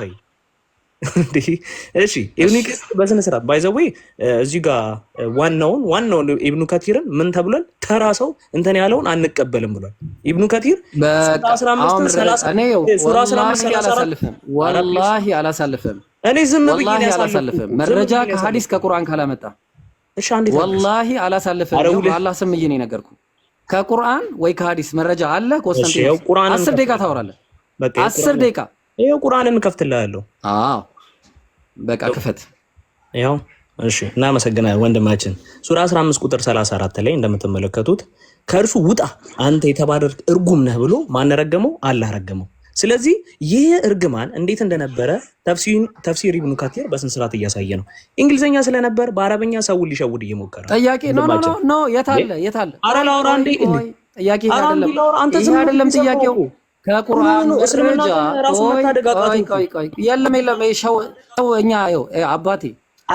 ሳይ እሺ ኢብኑ ከሲር በስነ ስርዓት ባይዘዌ እዚህ ጋር ዋናውን ዋናውን ኢብኑ ከቲርን ምን ተብሏል? ተራ ሰው እንትን ያለውን አንቀበልም ብሏል። ኢብኑ ከቲር ወላሂ አላሳልፍም። እኔ ዝም ብዬ አላሳልፍም። መረጃ ከሀዲስ ከቁርአን ካላመጣ ወላሂ አላሳልፍም። በአላህ ስም እየኔ ነገርኩ። ከቁርአን ወይ ከሀዲስ መረጃ አለ። ኮንስተንት አስር ደቂቃ ታወራለህ። አስር ደቂቃ ይሄው ቁርአንን እንከፍትልሃለሁ። አዎ በቃ ክፈት። ያው እሺ፣ እናመሰግናለን ወንድማችን። ሱራ 15 ቁጥር 34 ላይ እንደምትመለከቱት ከእርሱ ውጣ አንተ የተባረርክ እርጉም ነህ ብሎ ማን ረገመው? አላህ ረገመው። ስለዚህ ይህ እርግማን እንዴት እንደነበረ ተፍሲር ኢብኑ ካቲር በስንት እያሳየ ነው። እንግሊዝኛ ስለነበር በአረበኛ ሰው ሊሸውድ እየሞከረ ጥያቄ ኖ ኖ ኖ የታለ የታለ? ኧረ ላውራ እንዴ! ጥያቄ አይደለም ጥያቄው ከቁርአን መረጃ የለም የለም። ሰው እኛ ይኸው አባቴ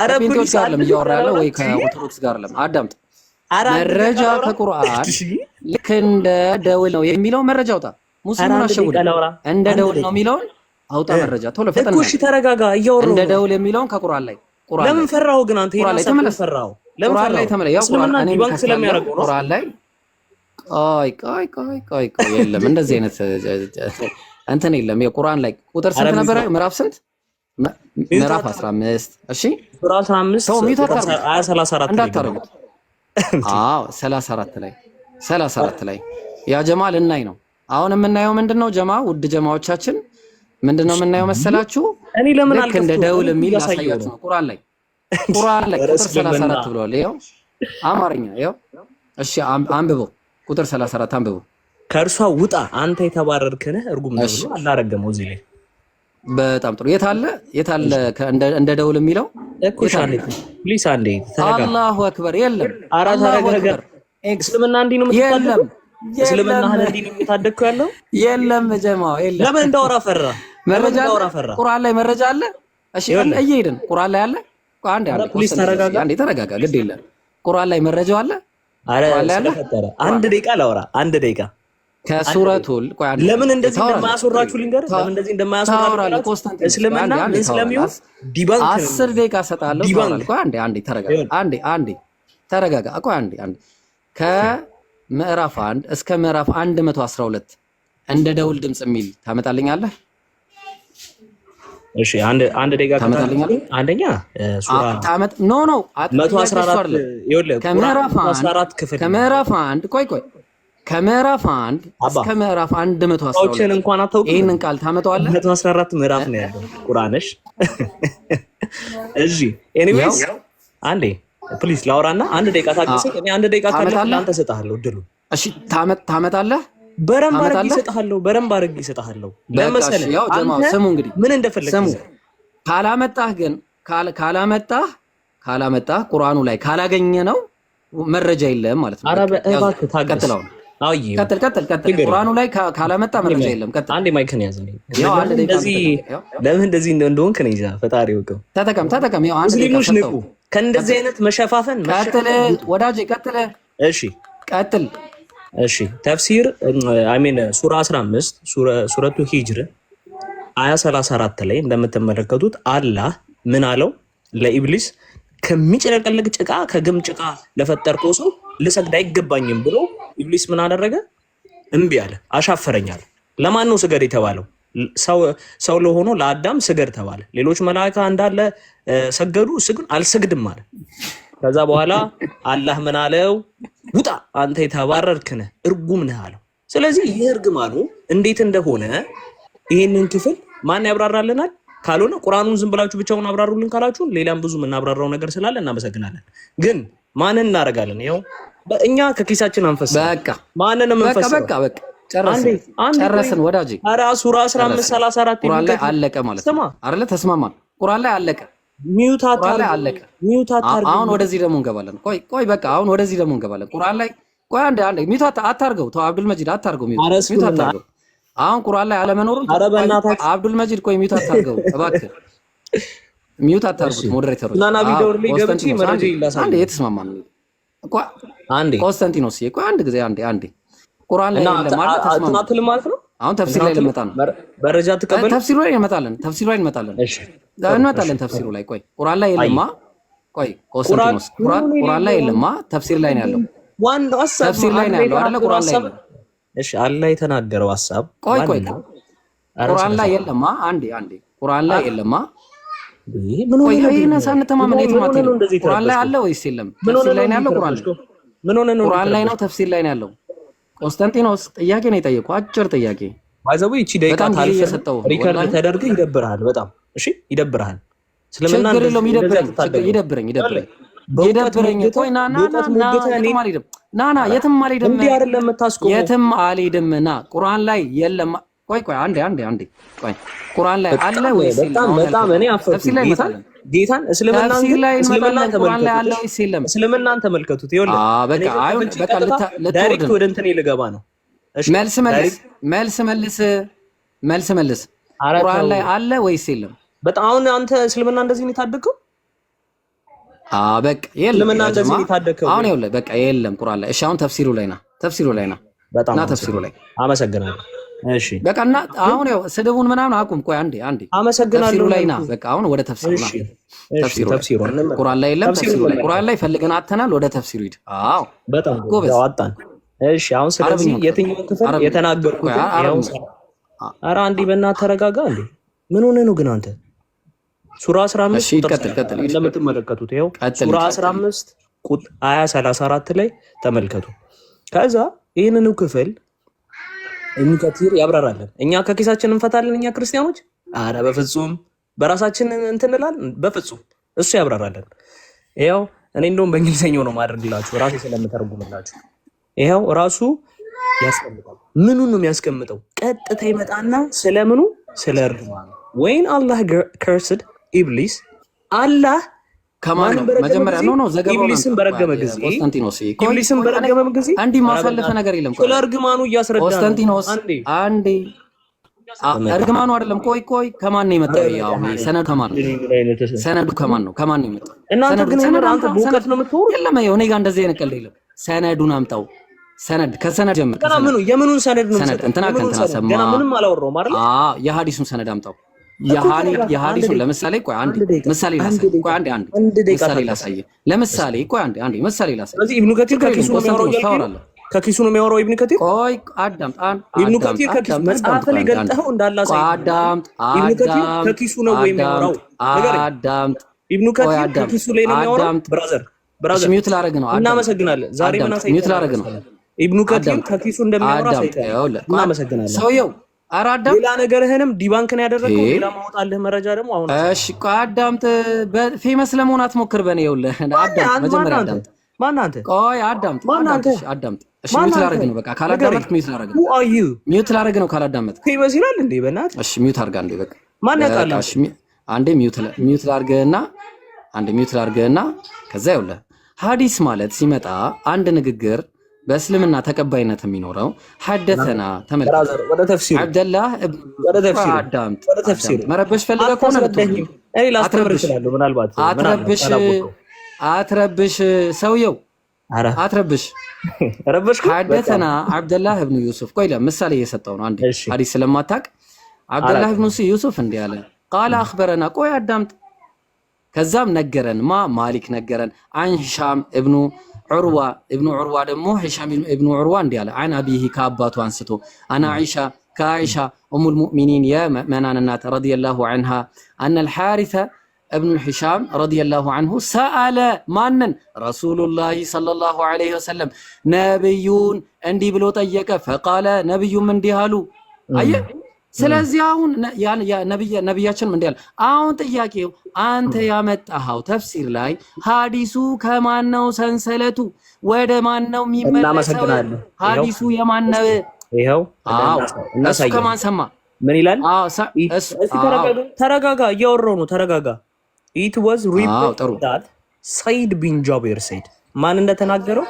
ከጴንጤዎች ጋር ለም እያወራ ያለ ወይ ከኦርቶዶክስ ጋር ለም አዳምጥ። መረጃ ከቁርአን ልክ እንደ ደውል ነው የሚለው መረጃ አውጣ። ሙስሊሙን አሸውድ እንደ ደውል ነው የሚለውን አውጣ መረጃ ቶሎ ፈጠን። እሺ ተረጋጋ። እያወራ እንደ ደውል የሚለውን ከቁርአን ላይ ቁርአን ለምን ፈራው? ግን አንተ ይሄን ሰው ፈራው? ለምን ፈራው? ላይ ተመለስ። ያው ቁርአን እኔ ስለሚያረጋው ነው ቁርአን ላይ ቆይ ቆይ ቆይ ቆይ ቆይ፣ የለም እንደዚህ አይነት እንትን የለም። የቁርአን ላይ ቁጥር ስንት ነበረ? ምዕራፍ ስንት? ምዕራፍ 15 እሺ፣ ቁጥር አዎ 34 ላይ 34 ላይ ያ ጀማ ልናይ ነው አሁን የምናየው ምንድነው? ጀማ ውድ ጀማዎቻችን ምንድነው የምናየው መሰላችሁ? እኔ ለምን እንደ ደውል የሚል ያሳያችሁ ነው ቁርአን ላይ ቁርአን ላይ ቁጥር 34 ብሏል። ይኸው አማርኛ ይኸው እሺ አንብበው ቁጥር 34 አንብቡ። ከእርሷ ውጣ አንተ የተባረርክ እርጉም ነው ብሎ አላረገመው እዚህ ላይ በጣም ጥሩ የት አለ የት አለ? እንደ ደውል የሚለው ፕሊስ አንዴ አላሁ አክበር የለም አራት አረጋገር እስልምና እንዲህ ነው የምትታደቀው እስልምና እንዲህ ነው የምታደቀው ያለው የለም ጀማው የለም ለምን እንዳወራ ፈራ መረጃ ቁርአን ላይ መረጃ አለ እሺ እየሄድን ቁርአን ላይ አለ አንዴ አንዴ ተረጋጋ ግድ የለም ቁርአን ላይ መረጃው አለ ስለፈጠረ አንድ ደቂቃ ላውራ። አንድ ደቂቃ ከሱረቱል ለምን እንደዚህ እንደማያስወራችሁ ልንገርህ። ለምን እንደዚህ እንደማያስወራችሁ እስልምና ምን ስለሚሆን ዲባንክ አስር ደቂቃ ዲባንክ እሰጥሃለሁ። አንዴ አንዴ ተረጋጋ። አንዴ አንዴ ተረጋጋ። ቆይ አንዴ አንዴ ከምዕራፍ አንድ እስከ ምዕራፍ አንድ መቶ አስራ ሁለት እንደ ደውል ድምፅ የሚል ታመጣልኛለህ? እሺ አንድ ደቂቃ ታመጣልኛለህ። አንደኛ ኖ ኖ ከምዕራፍ አንድ ቆይ ቆይ ከምዕራፍ አንድ እስከ ምዕራፍ አንድ መቶ አስራ ሁለት እንኳን አታውቅም። ቃል ታመጣዋለህ። መቶ አስራ አራት ምዕራፍ ነው ያለው ቁርአንሽ። ኤኒዌይስ አንዴ ላውራና አንድ ደቂቃ እኔ አንድ ደቂቃ ካለ ለአንተ እሰጥሃለሁ እድሉ። እሺ ታመጣለህ በረምብ አድርጌ አድርጌ ለመሰለህ ስሙ እንግዲህ ምን ስሙ። ካላመጣህ ግን ካላመጣህ ካላመጣህ ቁርአኑ ላይ ካላገኘ ነው መረጃ የለም ማለት ነው። አረ ቀጥል ቀጥል ቀጥል። ቁርአኑ ላይ መረጃ የለም። ቀጥል። አንዴ ማይክን ለምን እንደዚህ እንደሆንክ ነው ይዛ ፈጣሪ ወቀው። ተጠቀም ተጠቀም። ያው ሙስሊሞች ንቁ ከእንደዚህ አይነት መሸፋፈን። ቀጥል ወዳጄ ቀጥል። እሺ ቀጥል እሺ ተፍሲር አሜን ሱራ 15 ሱረቱ ሂጅር አያ 34 ላይ እንደምትመለከቱት አላህ ምን አለው ለኢብሊስ ከሚጨለቀለቅ ጭቃ ከግም ጭቃ ለፈጠርከው ሰው ልሰግድ አይገባኝም ብሎ ኢብሊስ ምን አደረገ? እምቢ አለ፣ አሻፈረኛል። ለማን ነው ስገድ የተባለው? ሰው ለሆኖ ለአዳም ስገድ ተባለ። ሌሎች መላእክት እንዳለ ሰገዱ፣ እሱ ግን አልሰግድም አለ። ከዛ በኋላ አላህ ምን አለው? ውጣ አንተ የተባረርክ ነህ እርጉም ነህ አለው። ስለዚህ ይህ እርግማኑ እንዴት እንደሆነ ይህንን ክፍል ማን ያብራራልናል? ካልሆነ ቁርአኑን ዝም ብላችሁ ብቻውን አብራሩልን ካላችሁ ሌላም ብዙ የምናብራራው ነገር ስላለ እናመሰግናለን። ግን ማንን እናደርጋለን? ይኸው እኛ ከኪሳችን አንፈስ በቃ ማንን የምንፈስ በቃ በቃ ጨረስን ወዳጄ። ሱራ 1534 አለቀ ማለት ነው አለ ተስማማ ቁርአን ላይ አለቀ አሁን ወደዚህ ደግሞ እንገባለን። ቆይ ቆይ፣ በቃ አሁን ወደዚህ ደግሞ እንገባለን። ቁርአን ላይ ቆይ፣ ሚውት አታርገው፣ ተው አብዱል መጂድ አታርገው፣ ሚውት አታርገው። አሁን ቁርአን ላይ አለመኖሩን አብዱል መጂድ ቆይ፣ ሚውት አታርገው እባክህ፣ አታርጉት ቆይ አንዴ፣ ቆይ አንድ ጊዜ አንዴ፣ አንዴ ቁርአን ላይ ማለት ነው አሁን ተፍሲር ላይ ልመጣ ነው። መረጃ ተቀበል። ተፍሲሩ ላይ እንመጣለን። ተፍሲሩ ላይ እንመጣለን። እሺ እንመጣለን። ተፍሲሩ ላይ ቆይ፣ ቁራን ላይ የለማ። ቆይ ቆስጠንጢኖስ፣ ቁራን ላይ የለማ። ተፍሲር ላይ ነው ያለው። ዋናው ሐሳብ ተፍሲር ላይ ነው ያለው አይደለ? ቁራን ላይ ነው። እሺ አላህ የተናገረው ሐሳብ። ቆይ ቆይ፣ ቁራን ላይ የለማ። አንዴ አንዴ፣ ቁራን ላይ የለማ። ምን ሆነ ነው? ይሄን ሳንተማመን ቁርአን ላይ አለ ወይስ የለም? ተፍሲር ላይ ነው ያለው። ቁራን ላይ ነው። ተፍሲር ላይ ነው ያለው ቆንስታንቲኖስ ጥያቄ ነው የጠየቁ፣ አጭር ጥያቄ ባይዘው ይቺ ደቂቃ ታሪፍ ሪከርድ ተደርገ ይደብርሃል፣ በጣም እሺ፣ ይደብርሃል። ስለምና ይደብረኝ ይደብረኝ ይደብረኝ። ቆይ ና ና ና የትም አልሄድም፣ የትም አልሄድም። ና ቁርአን ላይ የለም። ቆይ ቆይ፣ አንዴ አንዴ አንዴ፣ ቁርአን ላይ አለ ወይስ? በጣም በጣም እኔ አፈርኩ ጌታን እስልምናን ተመልከቱት። ዳይሬክት ወደ እንትን ልገባ ነው። መልስ መልስ መልስ መልስ መልስ ቁርአን ላይ አለ ወይስ የለም? በጣም አሁን አንተ እስልምና እንደዚህ ነው የታደግከው? አዎ በቃ የለም። እንደዚህ ነው የታደግከው። አሁን ይኸውልህ በቃ የለም ቁርአን ላይ። እሺ አሁን ተፍሲሩ ላይ ና፣ ተፍሲሩ ላይ ና፣ ና ተፍሲሩ ላይ አመሰግናለሁ። በቃ እና አሁን ያው ስድቡን ምናምን አቁም። ቆይ አንዴ አንዴ፣ አመሰግናለሁ ላይ ና በቃ አሁን ወደ ተፍሲሩ ና። ተፍሲሩ ቁርአን ላይ የለም። ተፍሲሩ ላይ ቁርአን ላይ ፈልገን አተናል። ወደ ተፍሲሩ ሂድ። አዎ በጣም ጎበዝ አጣን። እሺ አሁን ስለዚህ የትኛውን ክፍል የተናገርኩት? ኧረ አንዴ በእናትህ ተረጋጋ። እንዴ ምን ሆነህ ነው ግን አንተ? ሱራ 15 ቁጥር እንደምትመለከቱት ይኸው ሱራ 15 ቁጥር 20 ላይ ተመልከቱ። ከዛ ይህንኑ ክፍል እኚህ ያብራራለን። እኛ ከኪሳችን እንፈታለን። እኛ ክርስቲያኖች አረ በፍጹም በራሳችን እንትንላል። በፍጹም እሱ ያብራራለን። ይኸው እኔ እንደውም በእንግሊዝኛው ነው ማድረግላችሁ ራሴ ስለምተረጉምላችሁ። ይኸው ራሱ ያስቀምጣል። ምኑን ነው የሚያስቀምጠው? ቀጥታ ይመጣና ስለምኑ ስለ ወይን አላህ ከርስድ ኢብሊስ አላህ ከማን ኢብሊስን በረገመ ጊዜ ነገር የለም። ስለ እርግማኑ እያስረዳ እርግማኑ አይደለም። ቆይ ቆይ፣ ከማን ነው የመጣው? ሰነዱ ከማን ነው? ሰነዱ ከማን ነው? ከማን ነው የመጣው? እኔ ጋር እንደዚህ አይነት ቀልድ የለም። ሰነዱን አምጣው። ሰነድ ከሰነድ ጀምር። የምኑን ሰነድ ነው? ሰነድ እንትና ከእንትና ሰማ። ሰነድ አምጣው። የሀዲሱን ለምሳሌ ቆይ ምሳሌ ላሳየህ። ምሳሌ ለምሳሌ ቆይ ምሳሌ ላሳየህ። ኢብኑ ከቲር ከኪሱ ነው የሚያወራው ከኪሱ ነው የሚያወራው ኢብኑ ከቲር። ቆይ አዳምጥ። ኢብኑ ከቲር ከኪሱ መጽሐፍ ላይ ገልጠኸው ኢብኑ ከቲር ከኪሱ ነው ወይ የሚያወራው? ኢብኑ ከቲር ከኪሱ ላይ ነው የሚያወራው። ብራዘር ብራዘር፣ ነው። እናመሰግናለን። ዛሬ ምን ነው። ኢብኑ ከቲር ከኪሱ እንደሚያወራ እናመሰግናለን። ሰውየው አራዳም ሌላ ነገርህንም ዲባንክን ያደረገው ሌላ ማውጣልህ መረጃ ደግሞ አሁን እሺ፣ አዳምጥ። በፌመስ ለመሆን አትሞክር። በኔ ይኸውልህ፣ አዳምጥ፣ መጀመሪያ አዳምጥ። ማናንተ አንተ? ቆይ አዳምጥ፣ አዳምጥ። እሺ፣ ሚውት ላደርግ ነው። በቃ ካላዳመጥክ ሚውት ላደርግ ነው። ዩ ሚውት ላደርግ ነው ካላዳመጥክ። ፌመስ ይላል እንዴ? በእናትህ እሺ፣ ሚውት አድርጋ እንዴ። በቃ ማን ያውቃል? እሺ፣ አንዴ ሚውት ሚውት ላድርግህና አንዴ ሚውት ላድርግህና ከዛ ይኸውልህ፣ ሀዲስ ማለት ሲመጣ አንድ ንግግር በእስልምና ተቀባይነት የሚኖረው ሐደተና ተመልከት። አብደላህ አትረብሽ፣ ሰውየው አትረብሽ። ሐደተና አብደላህ እብኑ ዩሱፍ። ቆይ ለምሳሌ እየሰጠው ነው፣ አንድ ሐዲስ ስለማታውቅ አብደላህ እብኑ ዩሱፍ እንዲህ አለ፣ ቃለ አኽበረና። ቆይ አዳምጥ። ከዛም ነገረን ማ ማሊክ ነገረን አንሻም እብኑ ዑርዋ እብኑ ዑርዋ ደግሞ ሂሻም እብኑ ዑርዋ እንዲህ አለ አን አቢሂ ከአባቱ አንስቶ አና ዒሻ ከአይሻ ኡሙ ልሙእሚኒን የምእመናን እናት ረዲየላሁ አንሃ አነ ልሓሪተ እብኑ ሒሻም ረዲየላሁ አንሁ ሰአለ ማንን ረሱሉላሂ ሰለላሁ ዐለይሂ ወሰለም ነብዩን እንዲህ ብሎ ጠየቀ። ፈቃለ ነብዩም እንዲህ አሉ አየ ስለዚህ አሁን ነቢያችን ምን ያለ አሁን ጥያቄው አንተ ያመጣኸው ተፍሲር ላይ ሀዲሱ ከማን ነው ሰንሰለቱ ወደ ማን ነው የሚመለሰው ሀዲሱ የማን ነው ይኸው እሱ ከማን ሰማ ምን ይላል ተረጋጋ እያወራሁ ነው ተረጋጋ ኢት ዋዝ ሪፖርት ሰይድ ቢን ጃቤር ሰይድ ማን እንደተናገረው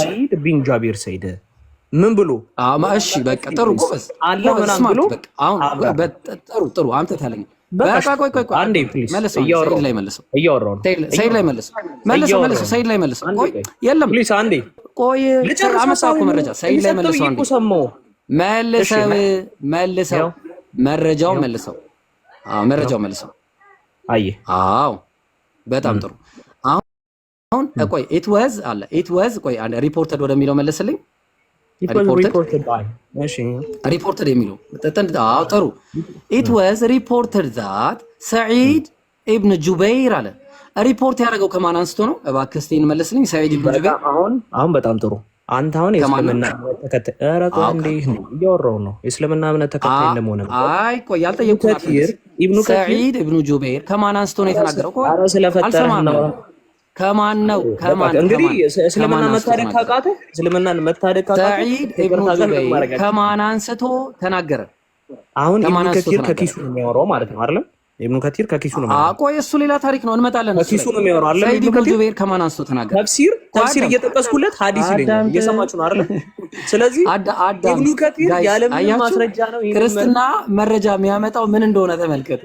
ሰይድ ቢን ጃቤር ሰይድ ምን ብሎ እሺ፣ በቃ ጥሩ ጎበዝ አለ ምናምን ብሎ ጥሩ ጥሩ አምጥተህ በቃ ቆይ ቆይ ቆይ፣ አንዴ መልሰው፣ ላይ መልሰው፣ ላይ መልሰው፣ መልሰው፣ መልሰው፣ ላይ መልሰው። ቆይ የለም አንዴ ቆይ፣ መረጃ። ላይ መልሰው፣ አንዴ መልሰው፣ መልሰው፣ መረጃው መልሰው፣ አዎ፣ መረጃው መልሰው። አዎ፣ በጣም ጥሩ። አሁን ቆይ፣ ኢት ዋዝ አለ ኢት ዋዝ፣ ቆይ፣ አንዴ ሪፖርተድ ወደሚለው መልስልኝ ሪፖርተድ የሚለው ጥሩ። ኢት ወዝ ሪፖርተድ ዛት ሰዒድ ኢብን ጁበይር አለ። ሪፖርት ያደረገው ከማን አንስቶ ነው? እባክህ እስኪ እንመለስልኝ። ሰዒድ ኢብን ጁበይር አሁን በጣም ጥሩ አንተ አሁን የእስልምና እምነት ተከታይ ረጦ ነው እያወራው ነው። የእስልምና እምነት ተከታይ እንደመሆነ አይ ቆይ አልጠየቁ ሰዒድ ኢብኑ ጁበይር ከማን አንስቶ ነው የተናገረው? ስለፈጠረ ከማን ነው? ከማን ከማን አንስቶ ተናገረ? አሁን ኢብኑ ከቲር ከኪሱ ነው የሚያወራው ማለት ነው አይደል? ኢብኑ ከቲር ከኪሱ ነው የሚያወራው። አቆይ እሱ ሌላ ታሪክ ነው፣ እንመጣለን። ከኪሱ ነው የሚያወራው አይደል? ሰዒድ ኢብኑ ጁበይር ከማን አንስቶ ተናገረ? ተፍሲር ተፍሲር እየጠቀስኩለት ሐዲስ ይለኛል። እየሰማችሁ ነው አይደል? ስለዚህ ኢብኑ ከቲር ያለ ማስረጃ ነው ክርስትና መረጃ የሚያመጣው ምን እንደሆነ ተመልከቱ።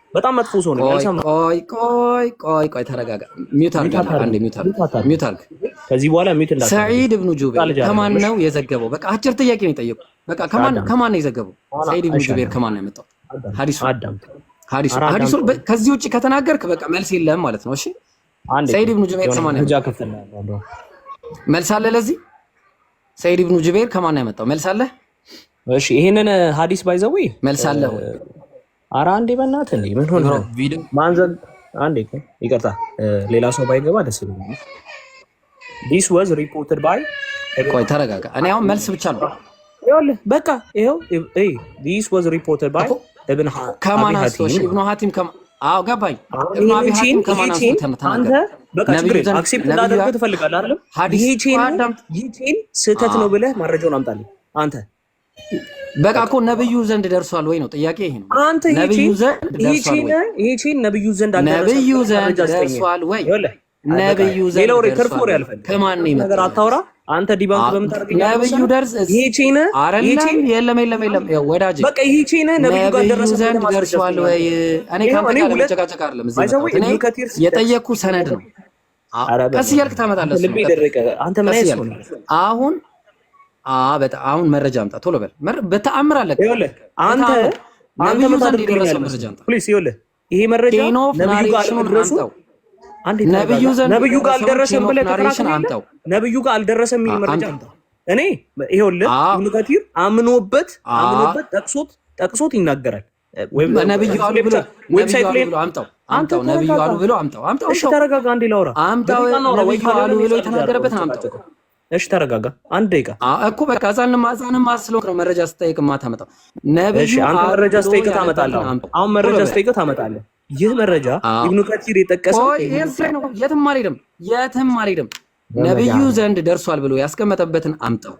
በጣም መጥፎ ሰው ነው። ቆይ ቆይ ቆይ ቆይ ተረጋጋ። ሚውት አርግ አንድ ሚውት አርግ። አርግ። ከዚህ በኋላ ሚውት እንዳትል። ሰዒድ ኢብኑ ጁበይር ከማን ነው የዘገበው? በቃ አጭር ጥያቄ ነው የጠየቁ። በቃ ከማን ከማን ነው የዘገበው? ሰዒድ ኢብኑ ጁበይር ከማን ነው የመጣው? ሐዲሱ ሐዲሱ ሐዲሱ ከዚህ ውጪ ከተናገርክ በቃ መልስ የለም ማለት ነው። እሺ ሰዒድ ኢብኑ ጁበይር ከማን ነው? መልስ አለ ለዚህ? ሰዒድ ኢብኑ ጁበይር ከማን ነው የመጣው? መልስ አለ? እሺ ይሄንን ሐዲስ ባይዘው መልስ አለ ወይ? አረ አንዴ በእናትህ እንዴ ምን ሆነ? ማንዘግ አንዴ ይቅርታ፣ ሌላ ሰው ባይገባ ደስ ይለኛል። this was reported by ቆይ ተረጋጋ። እኔ አሁን መልስ ብቻ ነው ይኸውልህ፣ በቃ ይኸው ዲስ ወዝ ሪፖርትድ ባይ እብን ከማን አስተውሽ እብኑ ሀቲም ከማ አዎ ገባኝ። እብኑ አቢ ሀቲም በቃ ችግር አክሴፕት እንዳደረገ ትፈልጋለህ አይደለም? ይሄ ቼን ስህተት ነው ብለህ ማረጃውን አምጣልኝ አንተ በቃ እኮ ነብዩ ዘንድ ደርሷል ወይ ነው ጥያቄ። ይሄ ነው አንተ ነብዩ ዘንድ ነብዩ ዘንድ ነብዩ ዘንድ ደርሷል ወይ? ነብዩ ዘንድ ከማን ነው ነገር አታውራ አንተ። ዲባንክ በምታደርገኝ ነብዩ ደርስ ይሄን አይደለም። የለም የለም የለም ያው ወዳጅ በቃ ይሄን ነብዩ ጋር ዘንድ ደርሷል ወይ? እኔ ካንተ ጋር ለመጨቃጨቅ አይደለም እዚህ ነው የጠየቅኩ ሰነድ ነው። ቀስ እያልክ ታመጣለህ። ልብ ይደረቀ አንተ አሁን አ በጣም አሁን መረጃ አምጣ ቶሎ በል። በተአምር አለ። አንተ አንተ ይሄ መረጃ ነብዩ ጋር አልደረሰም ብለህ ነብዩ ጋር አልደረሰም የሚል መረጃ አምጣ። እኔ ይኸውልህ ኢብኑ አምኖበት አምኖበት ጠቅሶት ጠቅሶት ይናገራል። ነብዩ አሉ ብሎ ዌብሳይት ላይ አምጣው አምጣው። ነብዩ አሉ ብሎ አምጣው አምጣው። እሺ ተረጋጋ፣ አንዴ ላውራ። አምጣው ነብዩ አሉ ብሎ የተናገረበትን አምጣው እሺ ተረጋጋ። አንድ ደቂቃ እኮ በቃ እዛን ማዛን ማስሎክ ነው መረጃ ስጠይቅ ማታመጣው ነብዩ እሺ አንተ መረጃ ስጠይቅ ታመጣለህ። አሁን መረጃ ስጠይቅ ታመጣለህ። ይህ መረጃ ኢብኑ ከቲር የጠቀሰው የትም አልሄድም፣ የትም አልሄድም። ነብዩ ዘንድ ደርሷል ብሎ ያስቀመጠበትን አምጣው፣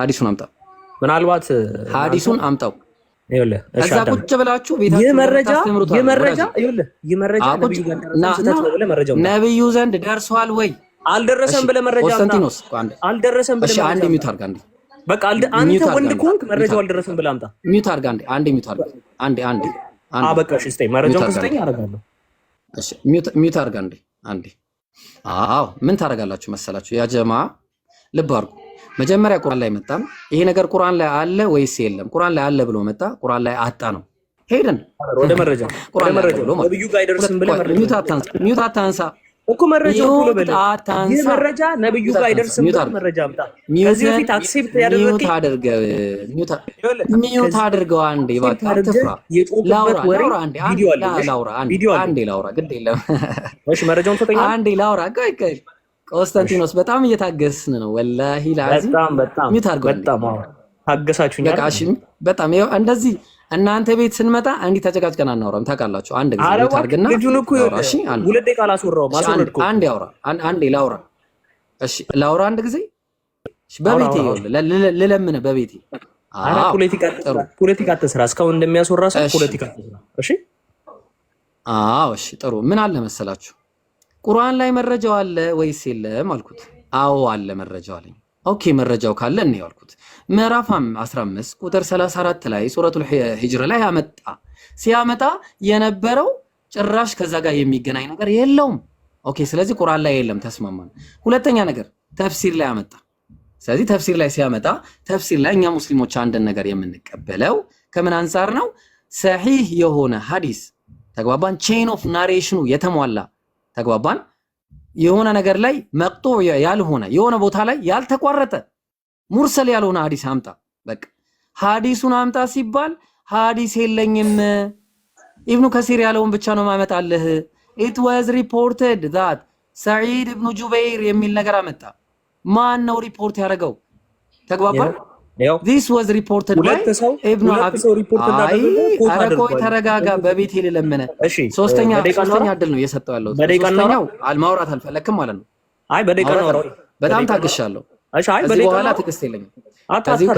ሐዲሱን አምጣው፣ ምናልባት ሐዲሱን አምጣው። እዛ ቁጭ ብላችሁ ቤታችሁ መረጃ ነብዩ ዘንድ ደርሷል ወይ አልደረሰም ብለህ መረጃ ቆንስታንቲኖስ አልደረሰም ብለህ አንድ ሚዩት አድርግ። አንዴ በቃ አንተ ወንድ ከሆንክ መረጃው አልደረሰም ብለህ አምጣ። ሚዩት አድርግ። አንዴ አንዴ ሚዩት አድርግ። አንዴ አንዴ በቃ እሺ፣ ስጠኝ መረጃውን ከስጠኝ አደርጋለሁ። እሺ ሚዩት ሚዩት አድርግ። አንዴ አንዴ አዎ፣ ምን ታደርጋላችሁ መሰላችሁ ያ ጀማ ልብ አድርጉ። መጀመሪያ ቁርአን ላይ መጣም። ይሄ ነገር ቁርአን ላይ አለ ወይስ የለም? ቁርአን ላይ አለ ብሎ መጣ፣ ቁርአን ላይ አጣ ነው ሄደን ወደ መረጃ ቁርአን ላይ ነው ነብዩ ነው አይደርስም ብለህ መረጃ አታንሳ እኮ መረጃ ሁሉ በለ ይህ መረጃ ነብዩ ጋር አይደርስም። መረጃ አምጣ። ከዚህ በፊት አክሴፕት ያደረገ ሚዩት አድርገው አንዴ አንዴ ላውራ አንዴ በጣም እየታገስን ነው። ወላሂ ላዚ በጣም በጣም ሚዩት አድርገው በጣም ታገሳችሁኝ። በጣም እንደዚህ እናንተ ቤት ስንመጣ እንዲህ ተጨቃጭቀን አናውራም። ታውቃላችሁ። አንድ ጊዜ ታርግና ሁለት ደቂቃ አላስወራውም። አንድ ያውራ አንድ ላውራ እሺ፣ ላውራ አንድ ጊዜ በቤቴ ልለምነ በቤቴ ፖለቲካ አትስራ። እስካሁን እንደሚያስወራ ሰው ፖለቲካ አትስራ። እሺ፣ አዎ፣ እሺ፣ ጥሩ። ምን አለ መሰላችሁ ቁርአን ላይ መረጃው አለ ወይስ የለም አልኩት። አዎ አለ መረጃው አለኝ። ኦኬ መረጃው ካለ እኔ ያልኩት ምዕራፍ 15 ቁጥር 34 ላይ ሱረቱል ሂጅራ ላይ አመጣ። ሲያመጣ የነበረው ጭራሽ ከዛ ጋር የሚገናኝ ነገር የለውም። ኦኬ ስለዚህ ቁርአን ላይ የለም፣ ተስማማን። ሁለተኛ ነገር ተፍሲር ላይ አመጣ። ስለዚህ ተፍሲር ላይ ሲያመጣ ተፍሲር ላይ እኛ ሙስሊሞች አንድን ነገር የምንቀበለው ከምን አንጻር ነው? ሰሂህ የሆነ ሀዲስ ተግባባን። ቼን ኦፍ ናሬሽኑ የተሟላ ተግባባን። የሆነ ነገር ላይ መቅጦ ያልሆነ የሆነ ቦታ ላይ ያልተቋረጠ ሙርሰል ያልሆነ ሀዲስ አምጣ። በቃ ሀዲሱን አምጣ ሲባል ሀዲስ የለኝም ኢብኑ ከሲር ያለውን ብቻ ነው ማመጣልህ። ኢት ዋዝ ሪፖርትድ ዛት ሰዒድ ኢብኑ ጁበይር የሚል ነገር አመጣ። ማን ነው ሪፖርት ያደረገው? ተግባባል። ተረጋጋ። በቤት የለመነ ሶስተኛ እድል ነው እየሰጠው ያለው። ሶስተኛው ማውራት አልፈለክም ማለት ነው። አይ በደቂቃ ነው። በጣም ታግሻለሁ። በኋላ ትዕግስት የለኝም።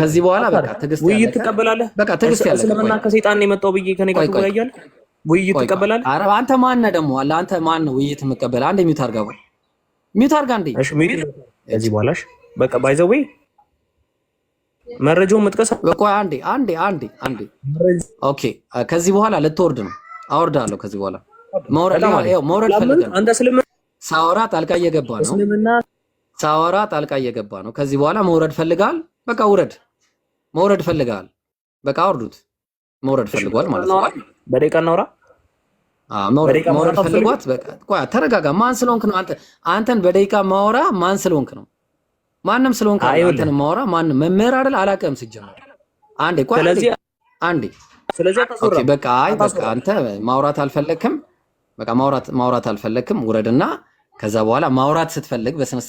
ከዚህ በኋላ በቃ ትዕግስት ውይይት ትቀበላለህ። በቃ ትዕግስት ከሰይጣን የመጣው ብዬ ከኔ ጋር ትወያያለህ። ውይይት ትቀበላለህ። ኧረ አንተ ማን ነህ ደግሞ? አንተ ማን ነው ውይይት አንዴ ሚውት አድርጋ፣ ሚውት አድርጋ። እሺ ሚውት ከዚህ በኋላ በቃ ባይ ዘ መረጃውን መጥቀስ አንዴ አንዴ አንዴ አንዴ። ኦኬ ከዚህ በኋላ ልትወርድ ነው? አወርዳለሁ። ከዚህ በኋላ መውረድ ፈልገህ ሳወራ ጣልቃ እየገባ ነው። ሳወራ ጣልቃ እየገባ ነው። ከዚህ በኋላ መውረድ ፈልጋል። በቃ ውረድ። መውረድ ፈልጋል። በቃ አወርዱት። መውረድ ፈልጓል ማለት ነው። በደቂቃ እናውራ። መውረድ ፈልጓት። በቃ ተረጋጋ። ማን ስለሆንክ ነው አንተን በደቂቃ ማውራ? ማን ስለሆንክ ነው? ማንም ስለሆንክ አንተን ማውራ ማንም መምህር አይደል አላውቅም። ሲጀመር አንዴ ስለዚህ አንዴ ስለዚህ ኦኬ፣ በቃ አይ በቃ አንተ ማውራት አልፈለክም። በቃ ማውራት ማውራት አልፈለክም። ውረድና ከዛ በኋላ ማውራት ስትፈልግ በስነ